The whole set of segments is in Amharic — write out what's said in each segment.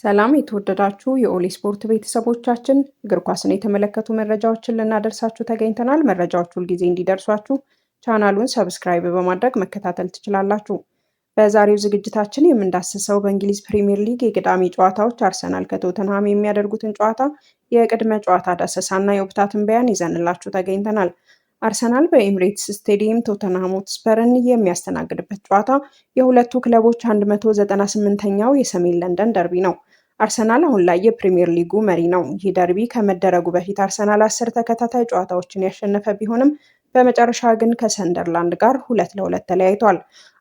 ሰላም የተወደዳችሁ የኦሊ ስፖርት ቤተሰቦቻችን፣ እግር ኳስን የተመለከቱ መረጃዎችን ልናደርሳችሁ ተገኝተናል። መረጃዎች ሁልጊዜ እንዲደርሷችሁ ቻናሉን ሰብስክራይብ በማድረግ መከታተል ትችላላችሁ። በዛሬው ዝግጅታችን የምንዳስሰው በእንግሊዝ ፕሪምየር ሊግ የቅዳሜ ጨዋታዎች አርሰናል ከቶተንሃም የሚያደርጉትን ጨዋታ፣ የቅድመ ጨዋታ ዳሰሳና የወቅታ ትንበያን ይዘንላችሁ ተገኝተናል። አርሰናል በኤምሬትስ ስቴዲየም ቶተንሃም ሆትስፐርን የሚያስተናግድበት ጨዋታ የሁለቱ ክለቦች 198ኛው የሰሜን ለንደን ደርቢ ነው። አርሰናል አሁን ላይ የፕሪሚየር ሊጉ መሪ ነው። ይህ ደርቢ ከመደረጉ በፊት አርሰናል አስር ተከታታይ ጨዋታዎችን ያሸነፈ ቢሆንም በመጨረሻ ግን ከሰንደርላንድ ጋር ሁለት ለሁለት ተለያይቷል።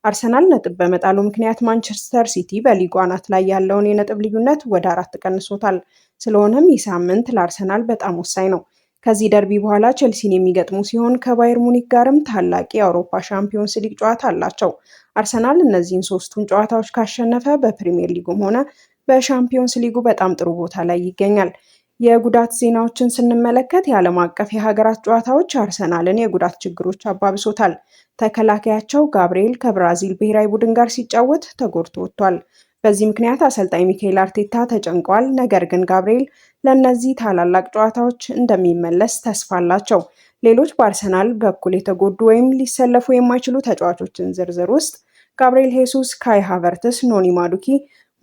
አርሰናል ነጥብ በመጣሉ ምክንያት ማንቸስተር ሲቲ በሊጉ አናት ላይ ያለውን የነጥብ ልዩነት ወደ አራት ቀንሶታል። ስለሆነም ይህ ሳምንት ለአርሰናል በጣም ወሳኝ ነው። ከዚህ ደርቢ በኋላ ቼልሲን የሚገጥሙ ሲሆን ከባየር ሙኒክ ጋርም ታላቅ የአውሮፓ ሻምፒዮንስ ሊግ ጨዋታ አላቸው። አርሰናል እነዚህን ሶስቱን ጨዋታዎች ካሸነፈ በፕሪምየር ሊጉም ሆነ በሻምፒዮንስ ሊጉ በጣም ጥሩ ቦታ ላይ ይገኛል። የጉዳት ዜናዎችን ስንመለከት የዓለም አቀፍ የሀገራት ጨዋታዎች አርሰናልን የጉዳት ችግሮች አባብሶታል። ተከላካያቸው ጋብርኤል ከብራዚል ብሔራዊ ቡድን ጋር ሲጫወት ተጎድቶ ወጥቷል። በዚህ ምክንያት አሰልጣኝ ሚካኤል አርቴታ ተጨንቋል። ነገር ግን ጋብርኤል ለእነዚህ ታላላቅ ጨዋታዎች እንደሚመለስ ተስፋ አላቸው። ሌሎች በአርሰናል በኩል የተጎዱ ወይም ሊሰለፉ የማይችሉ ተጫዋቾችን ዝርዝር ውስጥ ጋብርኤል ሄሱስ፣ ካይ ሃቨርትስ፣ ኖኒ ማዱኪ፣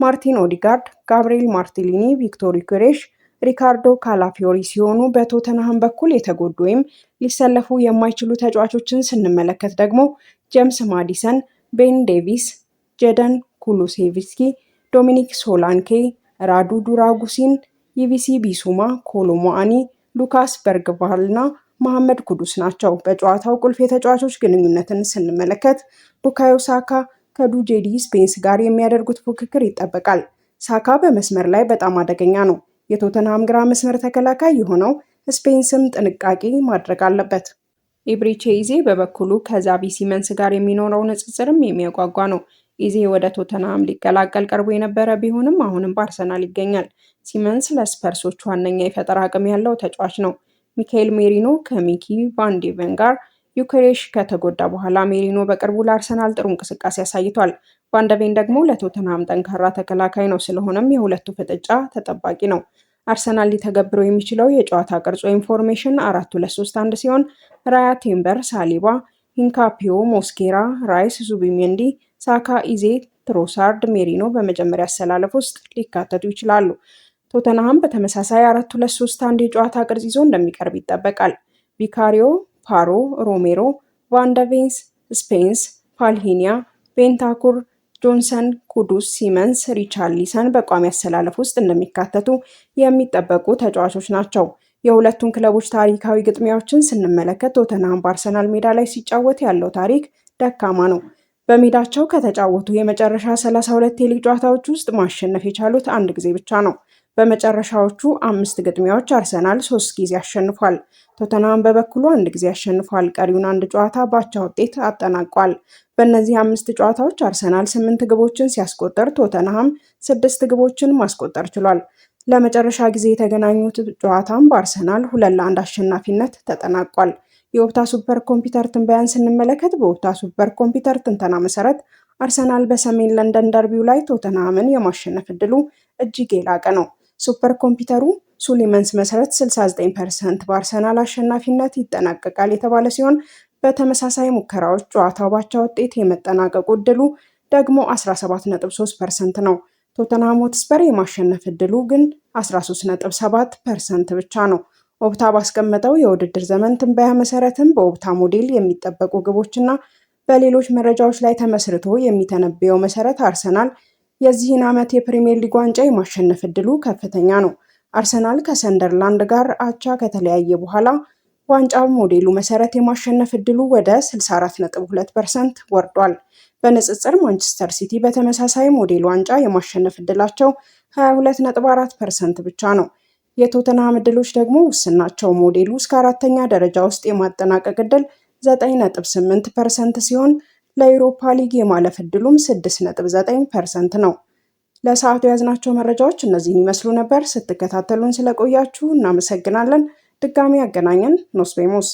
ማርቲን ኦዲጋርድ፣ ጋብርኤል ማርቲሊኒ፣ ቪክቶሪ ኩሬሽ፣ ሪካርዶ ካላፊዮሪ ሲሆኑ በቶተንሃም በኩል የተጎዱ ወይም ሊሰለፉ የማይችሉ ተጫዋቾችን ስንመለከት ደግሞ ጄምስ ማዲሰን፣ ቤን ዴቪስ፣ ጀደን ኩሉሴቪስኪ፣ ዶሚኒክ ሶላንኬ፣ ራዱ ዱራጉሲን፣ ይቪሲ ቢሱማ፣ ኮሎሞአኒ፣ ሉካስ በርግቫል እና መሐመድ ኩዱስ ናቸው። በጨዋታው ቁልፍ የተጫዋቾች ግንኙነትን ስንመለከት ቡካዮ ሳካ ከዱጄዲ ስፔንስ ጋር የሚያደርጉት ፉክክር ይጠበቃል። ሳካ በመስመር ላይ በጣም አደገኛ ነው። የቶተንሃም ግራ መስመር ተከላካይ የሆነው ስፔንስም ጥንቃቄ ማድረግ አለበት። ኢብሪቼ ኢዜ በበኩሉ ከዛቢ ሲመንስ ጋር የሚኖረው ንጽጽርም የሚያጓጓ ነው። ኢዜ ወደ ቶተንሃም ሊቀላቀል ቀርቦ የነበረ ቢሆንም አሁንም በአርሰናል ይገኛል። ሲመንስ ለስፐርሶች ዋነኛ የፈጠራ አቅም ያለው ተጫዋች ነው። ሚካኤል ሜሪኖ ከሚኪ ቫንዲቨን ጋር ዩክሬሽ ከተጎዳ በኋላ ሜሪኖ በቅርቡ ለአርሰናል ጥሩ እንቅስቃሴ አሳይቷል። ቫንደቬን ደግሞ ለቶተንሃም ጠንካራ ተከላካይ ነው። ስለሆነም የሁለቱ ፍጥጫ ተጠባቂ ነው። አርሰናል ሊተገብረው የሚችለው የጨዋታ ቅርጾ ኢንፎርሜሽን አራት ሁለት ሶስት አንድ ሲሆን ራያ፣ ቴምበር፣ ሳሊባ፣ ሂንካፒዮ፣ ሞስኬራ፣ ራይስ፣ ዙቢሜንዲ፣ ሳካ፣ ኢዜ፣ ትሮሳርድ፣ ሜሪኖ በመጀመሪያ አሰላለፍ ውስጥ ሊካተቱ ይችላሉ። ቶተንሃም በተመሳሳይ አራት ሁለት ሶስት አንድ የጨዋታ ቅርጽ ይዞ እንደሚቀርብ ይጠበቃል። ቪካሪዮ ፓሮ፣ ሮሜሮ፣ ቫንደቬንስ፣ ስፔንስ፣ ፓልሂኒያ፣ ቤንታኩር፣ ጆንሰን፣ ኩዱስ፣ ሲመንስ፣ ሪቻርሊሰን በቋሚ አሰላለፍ ውስጥ እንደሚካተቱ የሚጠበቁ ተጫዋቾች ናቸው። የሁለቱን ክለቦች ታሪካዊ ግጥሚያዎችን ስንመለከት ቶተንሃም በአርሰናል ሜዳ ላይ ሲጫወት ያለው ታሪክ ደካማ ነው። በሜዳቸው ከተጫወቱ የመጨረሻ 32 የሊግ ጨዋታዎች ውስጥ ማሸነፍ የቻሉት አንድ ጊዜ ብቻ ነው። በመጨረሻዎቹ አምስት ግጥሚያዎች አርሰናል ሶስት ጊዜ አሸንፏል። ቶተናም በበኩሉ አንድ ጊዜ አሸንፏል። ቀሪውን አንድ ጨዋታ ባቻ ውጤት አጠናቋል። በእነዚህ አምስት ጨዋታዎች አርሰናል ስምንት ግቦችን ሲያስቆጠር ቶተናም ስድስት ግቦችን ማስቆጠር ችሏል። ለመጨረሻ ጊዜ የተገናኙት ጨዋታም በአርሰናል ሁለት ለአንድ አሸናፊነት ተጠናቋል። የኦፕታ ሱፐር ኮምፒውተር ትንበያን ስንመለከት በኦፕታ ሱፐር ኮምፒውተር ትንተና መሰረት አርሰናል በሰሜን ለንደን ደርቢው ላይ ቶተናምን የማሸነፍ ዕድሉ እጅግ የላቀ ነው። ሱፐር ኮምፒውተሩ ሱሊመንስ መሰረት 69% በአርሰናል አሸናፊነት ይጠናቀቃል የተባለ ሲሆን በተመሳሳይ ሙከራዎች ጨዋታው ባቻ ውጤት የመጠናቀቁ እድሉ ደግሞ 17.3% ነው። ቶተንሃም ሆትስፐር የማሸነፍ እድሉ ግን 13.7% ብቻ ነው። ኦፕታ ባስቀመጠው የውድድር ዘመን ትንበያ መሰረትም በኦፕታ ሞዴል የሚጠበቁ ግቦችና በሌሎች መረጃዎች ላይ ተመስርቶ የሚተነበየው መሰረት አርሰናል የዚህን ዓመት የፕሪምየር ሊግ ዋንጫ የማሸነፍ እድሉ ከፍተኛ ነው። አርሰናል ከሰንደርላንድ ጋር አቻ ከተለያየ በኋላ ዋንጫ ሞዴሉ መሰረት የማሸነፍ እድሉ ወደ 64.2 ፐርሰንት ወርዷል። በንጽጽር ማንቸስተር ሲቲ በተመሳሳይ ሞዴል ዋንጫ የማሸነፍ እድላቸው 22.4 ፐርሰንት ብቻ ነው። የቶተንሃም እድሎች ደግሞ ውስን ናቸው። ሞዴሉ እስከ አራተኛ ደረጃ ውስጥ የማጠናቀቅ እድል 9.8 ፐርሰንት ሲሆን ለአውሮፓ ሊግ የማለፍ እድሉም 6.9 ፐርሰንት ነው። ለሰዓቱ የያዝናቸው መረጃዎች እነዚህን ይመስሉ ነበር። ስትከታተሉን ስለቆያችሁ እናመሰግናለን። ድጋሚ ያገናኘን ኖስቤሞስ